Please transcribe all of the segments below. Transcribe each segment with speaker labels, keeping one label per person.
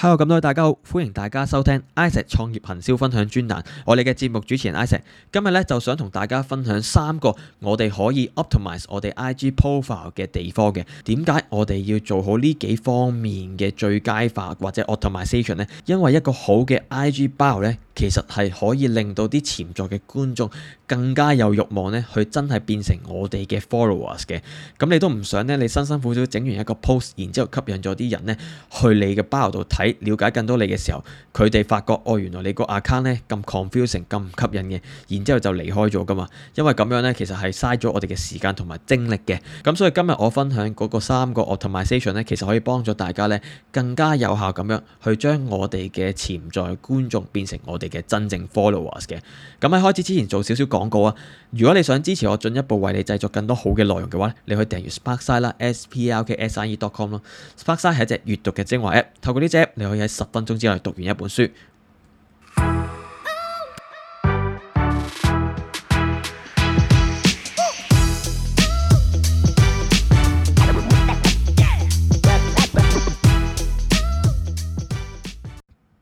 Speaker 1: Hello 咁多位大家好，歡迎大家收聽 ISA 創業行銷分享專欄。我哋嘅節目主持人 ISA 今日咧就想同大家分享三個我哋可以 optimize 我哋 IG profile 嘅地方嘅。點解我哋要做好呢幾方面嘅最佳化或者 optimization 咧？因為一個好嘅 IG profile 咧。其實係可以令到啲潛在嘅觀眾更加有慾望呢去真係變成我哋嘅 followers 嘅。咁你都唔想呢？你辛辛苦苦整完一個 post，然之後吸引咗啲人呢去你嘅 bio 度睇，了解更多你嘅時候，佢哋發覺哦，原來你個 account 呢咁 confusing，咁唔吸引嘅，然之後就離開咗噶嘛。因為咁樣呢，其實係嘥咗我哋嘅時間同埋精力嘅。咁所以今日我分享嗰個三個 optimization 呢，其實可以幫助大家呢，更加有效咁樣去將我哋嘅潛在觀眾變成我哋。嘅真正 followers 嘅，咁喺開始之前做少少廣告啊！如果你想支持我，進一步為你製作更多好嘅內容嘅話咧，你可以訂閱 Sparksine 啦 s p a r k s i n e dot com 咯。Sparksine 係一隻閱讀嘅精華 App，透過呢隻 App 你可以喺十分鐘之內讀完一本書。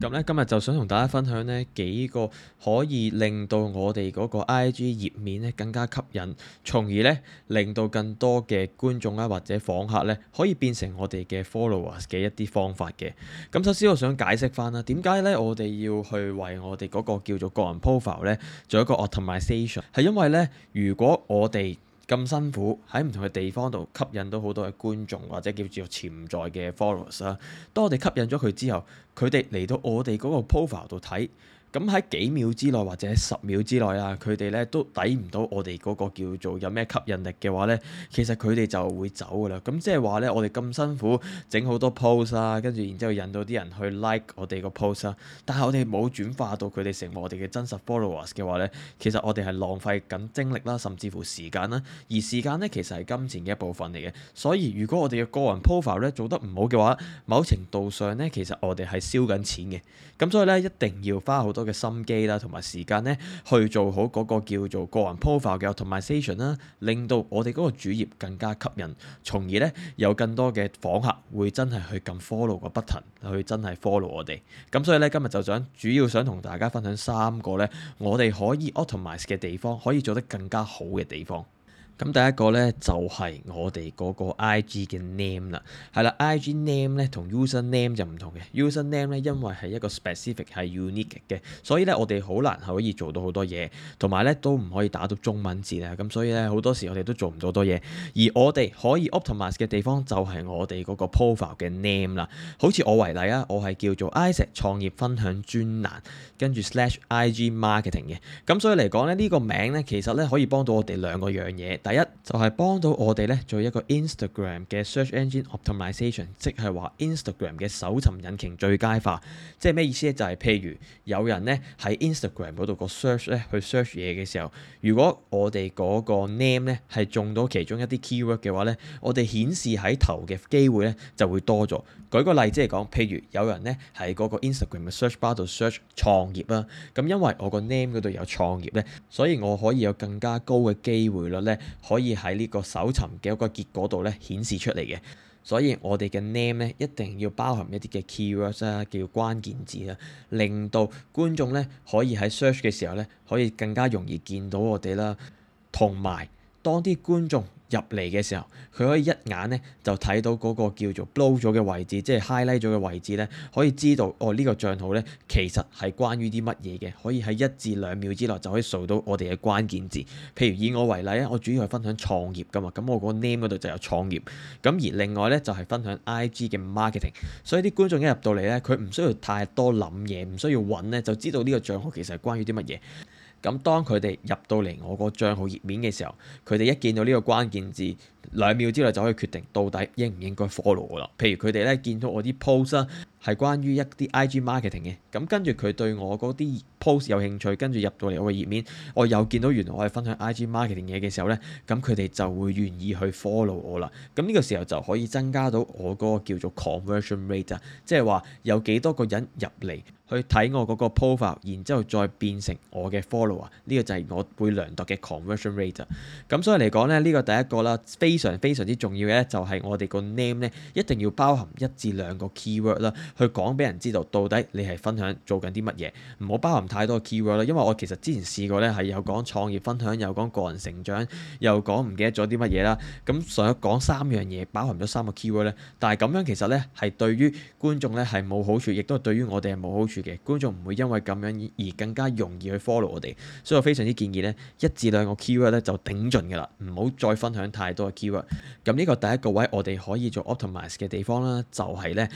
Speaker 1: 咁咧今日就想同大家分享咧幾個可以令到我哋嗰個 IG 頁面咧更加吸引，從而咧令到更多嘅觀眾啦或者訪客咧可以變成我哋嘅 followers 嘅一啲方法嘅。咁首先我想解釋返啦，點解咧我哋要去為我哋嗰個叫做個人 profile 咧做一個 optimisation，係因為咧如果我哋咁辛苦喺唔同嘅地方度吸引到好多嘅觀眾或者叫做潛在嘅 followers 啦。當我哋吸引咗佢之後，佢哋嚟到我哋嗰個 profile 度睇。咁喺、嗯、幾秒之內或者十秒之內啊，佢哋咧都抵唔到我哋嗰個叫做有咩吸引力嘅話咧，其實佢哋就會走噶啦。咁即係話咧，我哋咁辛苦整好多 post 啊，跟住然之後引到啲人去 like 我哋個 post 啊。但係我哋冇轉化到佢哋成為我哋嘅真實 followers 嘅話咧，其實我哋係浪費緊精力啦，甚至乎時間啦。而時間咧其實係金錢嘅一部分嚟嘅，所以如果我哋嘅個人 profile 咧做得唔好嘅話，某程度上咧其實我哋係燒緊錢嘅。咁所以咧一定要花好多嘅心機啦，同埋時間呢，去做好嗰個叫做個人 profile 嘅 optimisation 啦，令到我哋嗰個主頁更加吸引，從而呢，有更多嘅訪客會真係去撳 follow 個 button，去真係 follow 我哋。咁所以呢，今日就想主要想同大家分享三個呢，我哋可以 optimise 嘅地方，可以做得更加好嘅地方。咁第一個咧就係我哋嗰個 I G 嘅 name 啦，係啦，I G name 咧同 user name 就唔同嘅，user name 咧因為係一個 specific 係 unique 嘅，所以咧我哋好難可以做到好多嘢，同埋咧都唔可以打到中文字啊，咁所以咧好多時我哋都做唔到多嘢。而我哋可以 optimize 嘅地方就係我哋嗰個 profile 嘅 name 啦，好似我為例啊，我係叫做 Isaac 創業分享專欄，跟住 slash I G marketing 嘅，咁所以嚟講咧，呢個名咧其實咧可以幫到我哋兩個樣嘢。第一就係、是、幫到我哋咧做一個 Instagram 嘅 search engine optimization，即係話 Instagram 嘅搜尋引擎最佳化。即係咩意思咧？就係、是、譬如有人咧喺 Instagram 嗰度個 search 咧去 search 嘢嘅時候，如果我哋嗰個 name 咧係中到其中一啲 keyword 嘅話咧，我哋顯示喺頭嘅機會咧就會多咗。舉個例子，即係講譬如有人咧喺嗰個 Instagram 嘅 search bar 度 search 創業啦，咁因為我個 name 嗰度有創業咧，所以我可以有更加高嘅機會率咧。可以喺呢個搜尋嘅一個結果度咧顯示出嚟嘅，所以我哋嘅 name 咧一定要包含一啲嘅 keywords 啦、啊，叫關鍵字啦、啊，令到觀眾咧可以喺 search 嘅時候咧可以更加容易見到我哋啦，同埋當啲觀眾，入嚟嘅時候，佢可以一眼呢就睇到嗰個叫做 blow 咗嘅位置，即係 highlight 咗嘅位置呢可以知道哦呢個帳號呢其實係關於啲乜嘢嘅，可以喺一至兩秒之內就可以掃到我哋嘅關鍵字。譬如以我為例啊，我主要係分享創業㗎嘛，咁我個 name 嗰度就有創業，咁而另外呢，就係分享 IG 嘅 marketing，所以啲觀眾一入到嚟呢，佢唔需要太多諗嘢，唔需要揾呢就知道呢個帳號其實係關於啲乜嘢。咁當佢哋入到嚟我個帳號頁面嘅時候，佢哋一見到呢個關鍵字，兩秒之內就可以決定到底應唔應該 follow 我啦。譬如佢哋咧見到我啲 post 啦、啊，係關於一啲 IG marketing 嘅，咁跟住佢對我嗰啲 post 有興趣，跟住入到嚟我嘅頁面，我又見到原來我係分享 IG marketing 嘢嘅時候咧，咁佢哋就會願意去 follow 我啦。咁呢個時候就可以增加到我嗰個叫做 conversion rate 啊，即係話有幾多個人入嚟。去睇我嗰個 profile，然之後再變成我嘅 follower，呢個就係我會量度嘅 conversion rate。咁所以嚟講咧，呢個第一個啦，非常非常之重要嘅咧，就係我哋個 name 咧一定要包含一至兩個 keyword 啦，去講俾人知道到底你係分享做緊啲乜嘢。唔好包含太多 keyword 啦，因為我其實之前試過咧係有講創業分享，有講個人成長，又講唔記得咗啲乜嘢啦。咁想講三樣嘢，包含咗三個 keyword 咧，但係咁樣其實咧係對於觀眾咧係冇好處，亦都係對於我哋係冇好處。嘅觀眾唔會因為咁樣而更加容易去 follow 我哋，所以我非常之建議咧一至兩個 keyword 咧就頂盡㗎啦，唔好再分享太多嘅 keyword。咁呢個第一個位我哋可以做 optimize 嘅地方啦，就係咧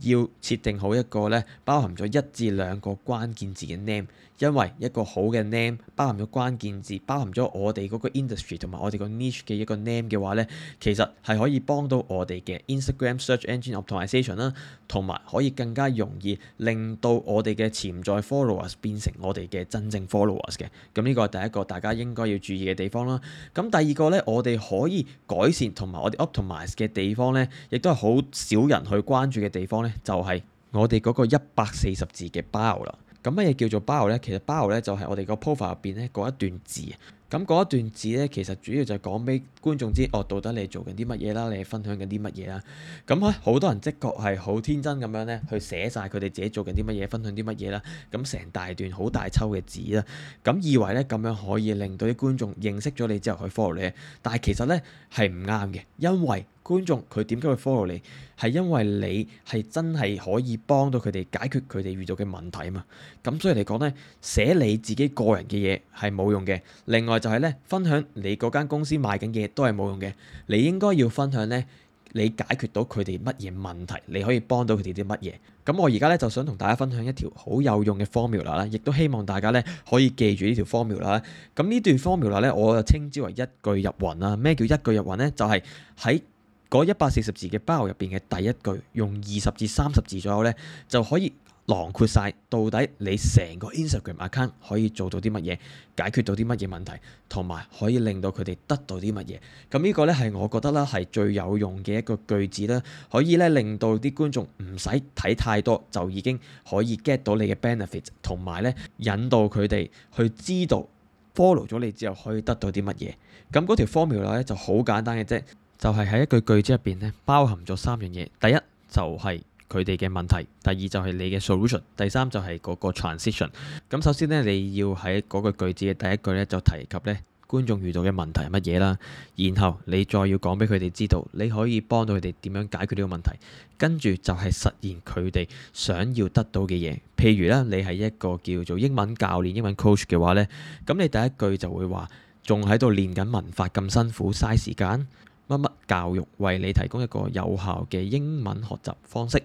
Speaker 1: 要設定好一個咧包含咗一至兩個關鍵字嘅 name，因為一個好嘅 name 包含咗關鍵字，包含咗我哋嗰個 industry 同埋我哋個 niche 嘅一個 name 嘅話咧，其實係可以幫到我哋嘅 Instagram search engine optimization 啦。同埋可以更加容易令到我哋嘅潛在 followers 變成我哋嘅真正 followers 嘅，咁呢個係第一個大家應該要注意嘅地方啦。咁第二個呢，我哋可以改善同埋我哋 o p t i m i z e 嘅地方呢，亦都係好少人去關注嘅地方呢，就係、是、我哋嗰個一百四十字嘅 b 包啦。咁乜嘢叫做 b 包呢？其實包呢就係、是、我哋個 profile 入邊呢嗰一段字。咁嗰一段字咧，其實主要就係講俾觀眾知，哦，到底你做緊啲乜嘢啦？你分享緊啲乜嘢啦？咁咧，好多人的確係好天真咁樣咧，去寫晒佢哋自己做緊啲乜嘢，分享啲乜嘢啦。咁成大段好大抽嘅字啦，咁以為咧咁樣可以令到啲觀眾認識咗你之後去 follow 你。但係其實咧係唔啱嘅，因為觀眾佢點解會 follow 你？係因為你係真係可以幫到佢哋解決佢哋遇到嘅問題嘛。咁所以嚟講咧，寫你自己個人嘅嘢係冇用嘅。另外就係咧，分享你嗰間公司賣緊嘅嘢都係冇用嘅。你應該要分享咧，你解決到佢哋乜嘢問題，你可以幫到佢哋啲乜嘢。咁我而家咧就想同大家分享一條好有用嘅 formula 啦，亦都希望大家咧可以記住呢條 formula 啦。咁呢段 formula 咧，我就稱之為一句入魂啦。咩叫一句入魂咧？就係喺嗰一百四十字嘅包入邊嘅第一句，用二十至三十字左右咧就可以，囊括晒到底你成個 Instagram account 可以做到啲乜嘢，解決到啲乜嘢問題，同埋可以令到佢哋得到啲乜嘢。咁呢個呢，係我覺得咧係最有用嘅一個句子啦，可以呢，令到啲觀眾唔使睇太多就已經可以 get 到你嘅 benefit，同埋呢引導佢哋去知道 follow 咗你之後可以得到啲乜嘢。咁嗰條 formula 咧就好簡單嘅啫，就係喺一句句子入邊呢，包含咗三樣嘢，第一就係。佢哋嘅問題，第二就係你嘅 solution，第三就係嗰個 transition。咁首先呢，你要喺嗰個句子嘅第一句呢，就提及呢觀眾遇到嘅問題係乜嘢啦。然後你再要講俾佢哋知道，你可以幫到佢哋點樣解決呢個問題。跟住就係實現佢哋想要得到嘅嘢。譬如呢，你係一個叫做英文教練、英文 coach 嘅話呢，咁你第一句就會話：仲喺度練緊文法咁辛苦，嘥時間。乜乜教育為你提供一個有效嘅英文學習方式。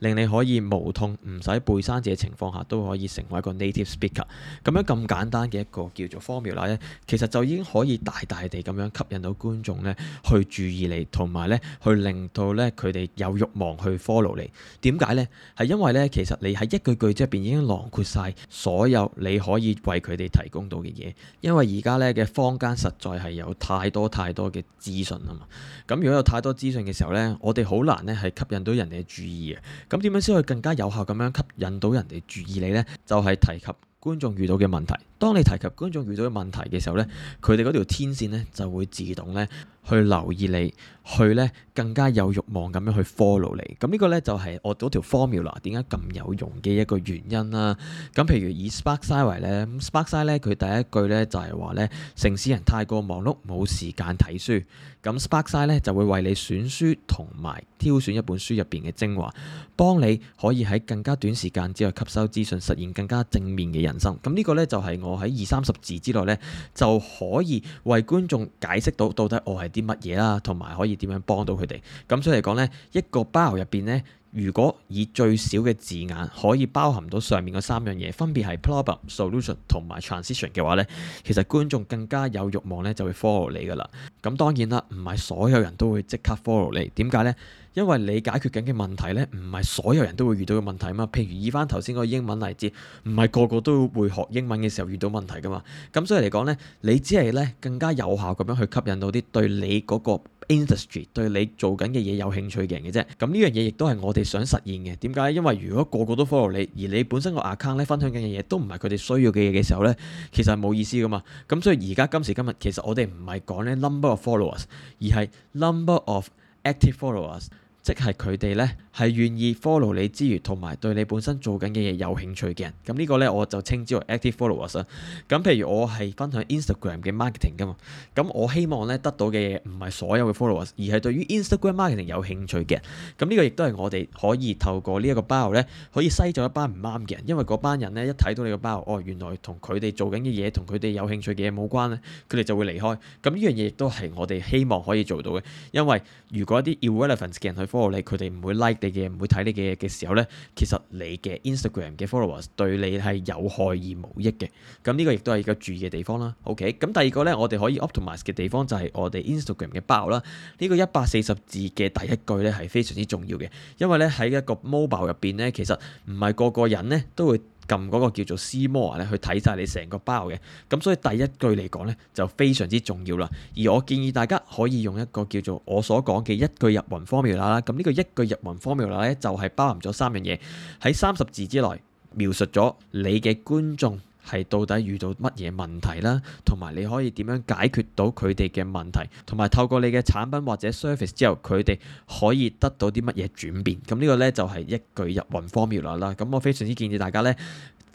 Speaker 1: 令你可以無痛唔使背生字嘅情況下，都可以成為一個 native speaker。咁樣咁簡單嘅一個叫做 formula 呢，其實就已經可以大大地咁樣吸引到觀眾呢去注意你，同埋呢去令到呢佢哋有慾望去 follow 你。點解呢？係因為呢，其實你喺一句句即入邊已經囊括晒所有你可以為佢哋提供到嘅嘢。因為而家呢嘅坊間實在係有太多太多嘅資訊啊嘛。咁如果有太多資訊嘅時候呢，我哋好難呢係吸引到人哋嘅注意嘅。咁點樣先可以更加有效咁樣吸引到人哋注意你咧？就係提及觀眾遇到嘅問題。當你提及觀眾遇到嘅問題嘅時候呢佢哋嗰條天線呢就會自動呢去留意你，去呢更加有慾望咁樣去 follow 你。咁呢個呢就係我嗰條 formula 點解咁有用嘅一個原因啦。咁譬如以 Sparkside 為呢，Sparkside 呢佢第一句呢就係話呢：「城市人太過忙碌，冇時間睇書。」咁 Sparkside 呢就會為你選書同埋挑選一本書入邊嘅精華，幫你可以喺更加短時間之內吸收資訊，實現更加正面嘅人生。咁呢個呢就係我喺二三十字之內咧，就可以為觀眾解釋到到底我係啲乜嘢啦，同埋可以點樣幫到佢哋。咁，嗯，所以嚟講咧，一個包入邊咧。如果以最少嘅字眼可以包含到上面嗰三樣嘢，分別係 problem、solution 同埋 transition 嘅話咧，其實觀眾更加有欲望咧就會 follow 你噶啦。咁當然啦，唔係所有人都會即刻 follow 你。點解咧？因為你解決緊嘅問題咧，唔係所有人都會遇到嘅問題啊嘛。譬如以翻頭先嗰個英文例子，唔係個個都會學英文嘅時候遇到問題噶嘛。咁所以嚟講咧，你只係咧更加有效咁樣去吸引到啲對你嗰個。Industry 對你做緊嘅嘢有興趣嘅人嘅啫，咁呢樣嘢亦都係我哋想實現嘅。點解？因為如果個個都 follow 你，而你本身個 account 咧分享緊嘅嘢都唔係佢哋需要嘅嘢嘅時候咧，其實係冇意思㗎嘛。咁所以而家今時今日，其實我哋唔係講咧 number of followers，而係 number of active followers，即係佢哋咧。係願意 follow 你之餘，同埋對你本身做緊嘅嘢有興趣嘅人，咁呢個呢，我就稱之為 active followers 啦。咁譬如我係分享 Instagram 嘅 marketing 㗎嘛，咁我希望呢，得到嘅嘢唔係所有嘅 followers，而係對於 Instagram marketing 有興趣嘅人。咁呢個亦都係我哋可以透過呢一個 bio 呢，可以篩咗一班唔啱嘅人，因為嗰班人呢，一睇到你個 bio，哦，原來同佢哋做緊嘅嘢，同佢哋有興趣嘅嘢冇關呢，佢哋就會離開。咁呢樣嘢亦都係我哋希望可以做到嘅，因為如果一啲 irrelevant 嘅人去 follow 你，佢哋唔會 like 你嘅唔會睇你嘅嘅時候呢，其實你嘅 Instagram 嘅 followers 對你係有害而無益嘅，咁呢個亦都係一個注意嘅地方啦。OK，咁第二個呢，我哋可以 optimize 嘅地方就係我哋 Instagram 嘅包啦。呢個一百四十字嘅第一句呢係非常之重要嘅，因為呢喺一個 mobile 入邊呢，其實唔係個個人呢都會。撳嗰個叫做 see more 咧，去睇晒你成個包嘅，咁所以第一句嚟講咧就非常之重要啦。而我建議大家可以用一個叫做我所講嘅一句入雲 formula 啦。咁呢個一句入雲 formula 咧就係、是、包含咗三樣嘢，喺三十字之內描述咗你嘅觀眾。係到底遇到乜嘢問題啦，同埋你可以點樣解決到佢哋嘅問題，同埋透過你嘅產品或者 service 之後，佢哋可以得到啲乜嘢轉變？咁呢個呢，就係、是、一句入魂 formula 啦。咁我非常之建議大家呢，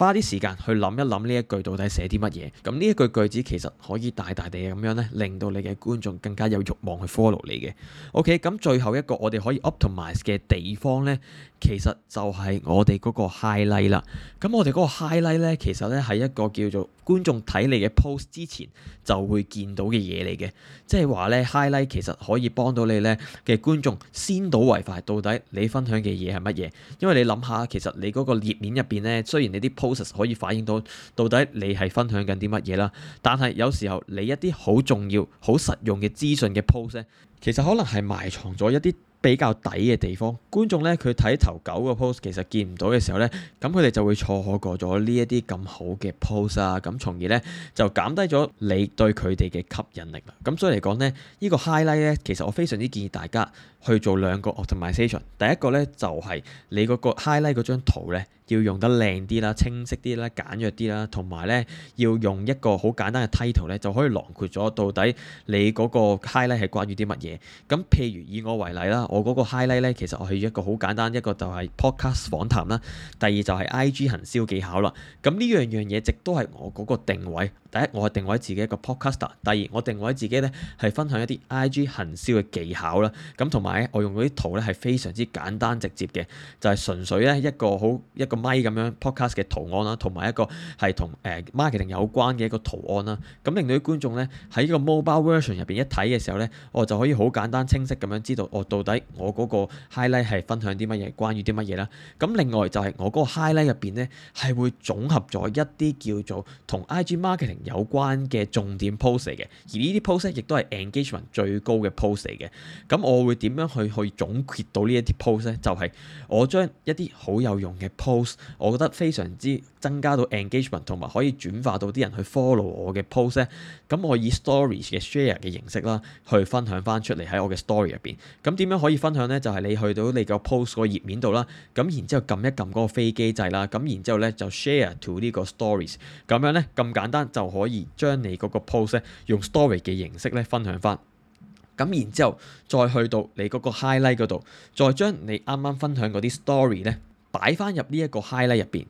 Speaker 1: 花啲時間去諗一諗呢一句到底寫啲乜嘢？咁呢一句句子其實可以大大地咁樣咧，令到你嘅觀眾更加有慾望去 follow 你嘅。OK，咁最後一個我哋可以 optimise 嘅地方呢，其實就係我哋嗰個 highlight 啦。咁我哋嗰個 highlight 咧，其實呢係一個叫做觀眾睇你嘅 post 之前就會見到嘅嘢嚟嘅。即係話呢 h i g h l i g h t 其實可以幫到你呢嘅觀眾先睹為快，到底你分享嘅嘢係乜嘢？因為你諗下，其實你嗰個頁面入邊呢，雖然你啲實實可以反映到到底你係分享緊啲乜嘢啦，但係有時候你一啲好重要、好實用嘅資訊嘅 post 咧，其實可能係埋藏咗一啲比較底嘅地方。觀眾咧，佢睇頭九個 post 其實見唔到嘅時候咧，咁佢哋就會錯過咗呢一啲咁好嘅 post 啊，咁從而咧就減低咗你對佢哋嘅吸引力啦。咁所以嚟講咧，這個、呢個 highlight 咧，其實我非常之建議大家去做兩個 optimization。第一個咧就係、是、你嗰個 highlight 嗰張圖咧。要用得靚啲啦，清晰啲啦，簡約啲啦，同埋呢，要用一個好簡單嘅 title 呢，就可以囊括咗到底你嗰個 highlight 係關於啲乜嘢。咁譬如以我為例啦，我嗰個 highlight 呢其實我係一個好簡單，一個就係 podcast 訪談啦，第二就係 IG 行銷技巧啦。咁呢樣樣嘢，直都係我嗰個定位。第一，我係定位自己一個 podcaster；第二，我定位自己呢，係分享一啲 IG 行銷嘅技巧啦。咁同埋我用嗰啲圖呢，係非常之簡單直接嘅，就係純粹呢一個好一個。咪咁樣 podcast 嘅圖案啦，同埋一個係同誒 marketing 有關嘅一個圖案啦。咁令到啲觀眾咧喺個 mobile version 入邊一睇嘅時候咧，我就可以好簡單清晰咁樣知道，我、哦、到底我嗰個 highlight 係分享啲乜嘢，關於啲乜嘢啦。咁另外就係我嗰個 highlight 入邊咧係會總合咗一啲叫做同 IG marketing 有關嘅重點 post 嚟嘅，而呢啲 post 亦都係 engagement 最高嘅 post 嚟嘅。咁我會點樣去去總結到呢一啲 post 咧？就係、是、我將一啲好有用嘅 post。我覺得非常之增加到 engagement，同埋可以轉化到啲人去 follow 我嘅 post 咧。咁我以 stories 嘅 share 嘅形式啦，去分享翻出嚟喺我嘅 story 入邊。咁點樣可以分享呢？就係你去到你個 post 個頁面度啦。咁然之後撳一撳嗰個飛機掣啦。咁然之後呢，就 share to 呢個 stories。咁樣呢，咁簡單就可以將你嗰個 post 咧用 story 嘅形式咧分享翻。咁然之後再去到你嗰個 highlight 度，再將你啱啱分享嗰啲 story 呢。擺翻入呢一個 highlight 入邊，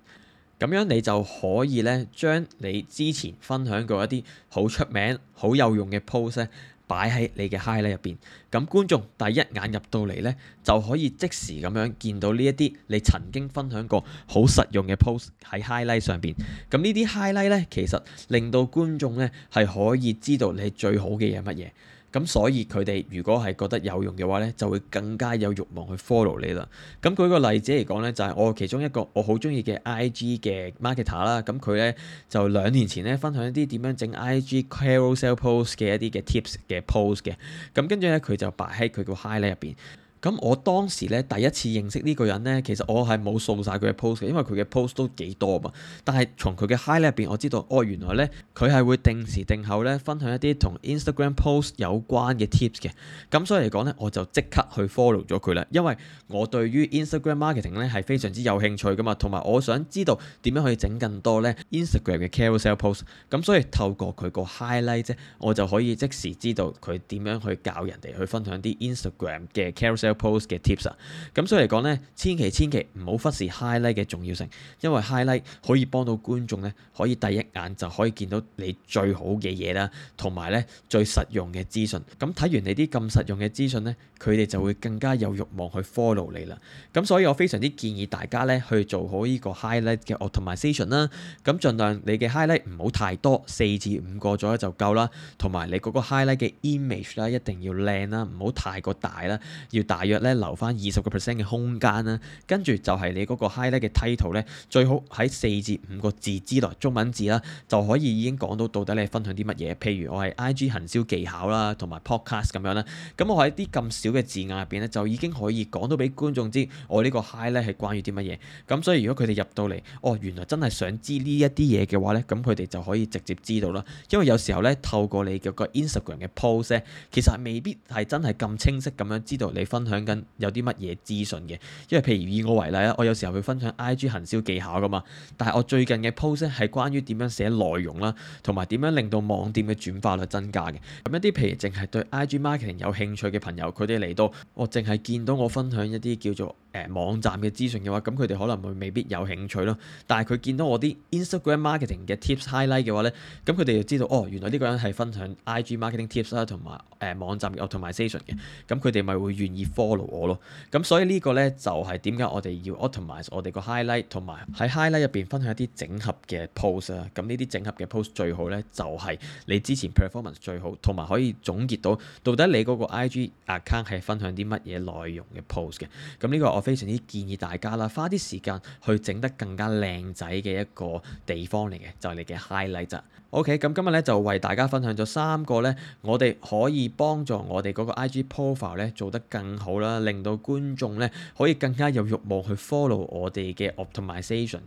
Speaker 1: 咁樣你就可以呢，將你之前分享過一啲好出名、好有用嘅 post 擺喺你嘅 highlight 入邊。咁觀眾第一眼入到嚟呢，就可以即時咁樣見到呢一啲你曾經分享過好實用嘅 post 喺 highlight 上邊。咁呢啲 highlight 呢，其實令到觀眾呢係可以知道你最好嘅嘢乜嘢。咁所以佢哋如果係覺得有用嘅話咧，就會更加有欲望去 follow 你啦。咁舉個例子嚟講咧，就係、是、我其中一個我好中意嘅 IG 嘅 marketer 啦。咁佢咧就兩年前咧分享一啲點樣整 IG carousel post 嘅一啲嘅 tips 嘅 post 嘅。咁跟住咧佢就擺喺佢個 highlight 咧入邊。咁我當時咧第一次認識呢個人咧，其實我係冇掃晒佢嘅 post 嘅，因為佢嘅 post 都幾多嘛。但係從佢嘅 highlight 入邊，我知道哦，原來咧佢係會定時定候咧分享一啲同 Instagram post 有關嘅 tips 嘅。咁所以嚟講咧，我就即刻去 follow 咗佢啦，因為我對於 Instagram marketing 咧係非常之有興趣㗎嘛，同埋我想知道點樣可以整更多咧 Instagram 嘅 carousel post。咁所以透過佢個 highlight 啫，我就可以即時知道佢點樣去教人哋去分享啲 Instagram 嘅 carousel 嘅 tips 咁所以嚟講呢，千祈千祈唔好忽視 highlight 嘅重要性，因為 highlight 可以幫到觀眾呢可以第一眼就可以見到你最好嘅嘢啦，同埋呢最實用嘅資訊。咁、嗯、睇完你啲咁實用嘅資訊呢，佢哋就會更加有欲望去 follow 你啦。咁、嗯、所以我非常之建議大家呢，去做好呢個 highlight 嘅 optimization 啦。咁、嗯、盡量你嘅 highlight 唔好太多，四至五個左右就夠啦。同埋你嗰個 highlight 嘅 image 啦，一定要靚啦，唔好太過大啦，要大。大約咧留返二十個 percent 嘅空間啦，跟住就係你嗰個 highlight 嘅 title 咧，最好喺四至五個字之內，中文字啦，就可以已經講到到底你分享啲乜嘢？譬如我係 IG 行銷技巧啦，同埋 podcast 咁樣啦，咁我喺啲咁少嘅字眼入邊咧，就已經可以講到俾觀眾知我呢個 highlight 係關於啲乜嘢。咁所以如果佢哋入到嚟，哦原來真係想知呢一啲嘢嘅話咧，咁佢哋就可以直接知道啦。因為有時候咧，透過你嘅個 Instagram 嘅 post，咧其實未必係真係咁清晰咁樣知道你分享。講緊有啲乜嘢資訊嘅，因為譬如以我為例啦，我有時候會分享 IG 行銷技巧㗎嘛，但係我最近嘅 post 咧係關於點樣寫內容啦，同埋點樣令到網店嘅轉化率增加嘅。咁一啲譬如淨係對 IG marketing 有興趣嘅朋友，佢哋嚟到我淨係見到我分享一啲叫做誒、呃、網站嘅資訊嘅話，咁佢哋可能會未必有興趣咯。但係佢見到我啲 Instagram marketing 嘅 tips highlight 嘅話咧，咁佢哋就知道哦，原來呢個人係分享 IG marketing tips 啦、啊，同埋誒網站嘅 optimization 嘅。咁佢哋咪會願意 follow 我咯。咁所以個呢個咧就係點解我哋要 optimize 我哋個 highlight，同埋喺 highlight 入邊分享一啲整合嘅 post 啦、啊。咁呢啲整合嘅 post 最好咧，就係、是、你之前 performance 最好，同埋可以總結到到底你嗰個 IG account 係分享啲乜嘢內容嘅 post 嘅。咁呢個我。非常之建議大家啦，花啲時間去整得更加靚仔嘅一個地方嚟嘅，就係你嘅 highlight。O.K. 咁今日咧就為大家分享咗三個咧，我哋可以幫助我哋嗰個 IG profile 咧做得更好啦，令到觀眾咧可以更加有欲望去 follow 我哋嘅 optimization。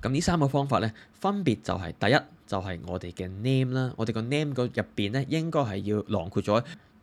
Speaker 1: 咁呢三個方法咧，分別就係第一就係我哋嘅 name 啦，我哋個 name 個入邊咧應該係要囊括咗。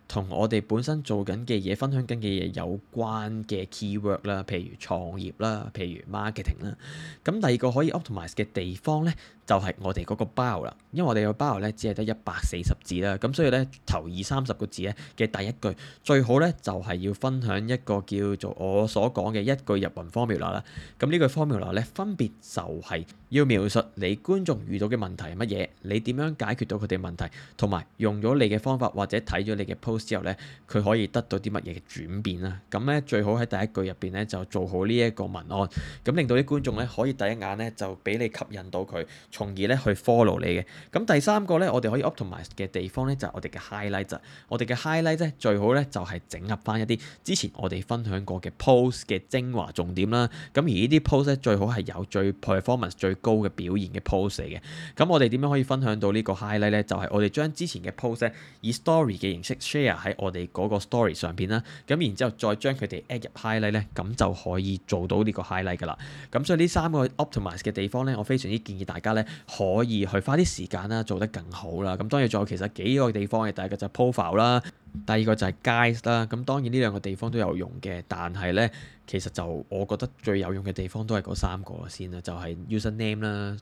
Speaker 1: 同我哋本身做緊嘅嘢、分享緊嘅嘢有關嘅 keyword 啦，譬如創業啦，譬如 marketing 啦。咁第二個可以 optimise 嘅地方咧，就係我哋嗰個包啦，因為我哋個包咧只係得一百四十字啦，咁所以咧頭二三十個字咧嘅第一句最好咧就係、是、要分享一個叫做我所講嘅一句入雲 formula 啦。咁呢句 formula 咧分別就係要描述你觀眾遇到嘅問題係乜嘢，你點樣解決到佢哋問題，同埋用咗你嘅方法或者睇咗你嘅 post 之後咧，佢可以得到啲乜嘢嘅轉變啦。咁咧最好喺第一句入邊咧就做好呢一個文案，咁令到啲觀眾咧可以第一眼咧就俾你吸引到佢。同而咧去 follow 你嘅。咁第三個咧，我哋可以 optimize 嘅地方咧，就係我哋嘅 highlight。我哋嘅 highlight 咧，最好咧就係整合翻一啲之前我哋分享過嘅 post 嘅精華重點啦。咁而呢啲 post 咧，最好係有最 performance 最高嘅表現嘅 post 嚟嘅。咁我哋點樣可以分享到呢個 highlight 咧？就係我哋將之前嘅 post 咧，以 story 嘅形式 share 喺我哋嗰個 story 上邊啦。咁然之後再將佢哋 add 入 highlight 咧，咁就可以做到呢個 highlight 噶啦。咁所以呢三個 optimize 嘅地方咧，我非常之建議大家咧。可以去花啲時間啦，做得更好啦。咁當然仲有其實幾個地方嘅，第一個就係 profile 啦，第二個就係 guides 啦。咁當然呢兩個地方都有用嘅，但係呢，其實就我覺得最有用嘅地方都係嗰三個先啦，就係、是、username 啦，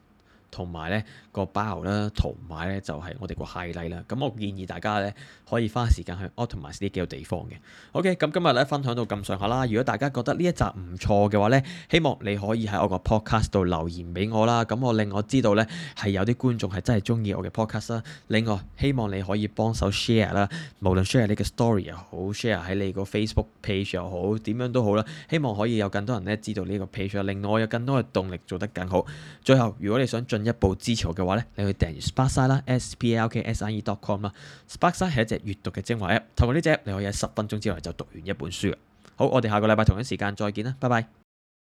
Speaker 1: 同埋呢個 bio 啦，同埋呢就係、是、我哋個 highlight 啦。咁我建議大家呢。可以花時間去 automate 呢幾個地方嘅。OK，咁今日呢分享到咁上下啦。如果大家覺得呢一集唔錯嘅話呢，希望你可以喺我個 podcast 度留言俾我啦。咁我令我知道呢，係有啲觀眾係真係中意我嘅 podcast 啦。另外希望你可以幫手 share 啦，無論 share 你個 story 又好，share 喺你個 Facebook page 又好，點樣都好啦。希望可以有更多人呢知道呢個 page，令我有更多嘅動力做得更好。最後如果你想進一步支持我嘅話呢，你去訂閱 s p a r k s 啦，s p l k s i e dot com 啦。s p a r k s 係一隻閱讀嘅精華 App，透過呢隻 App，你可以喺十分鐘之內就讀完一本書。好，我哋下個禮拜同一時間再見啦，拜拜。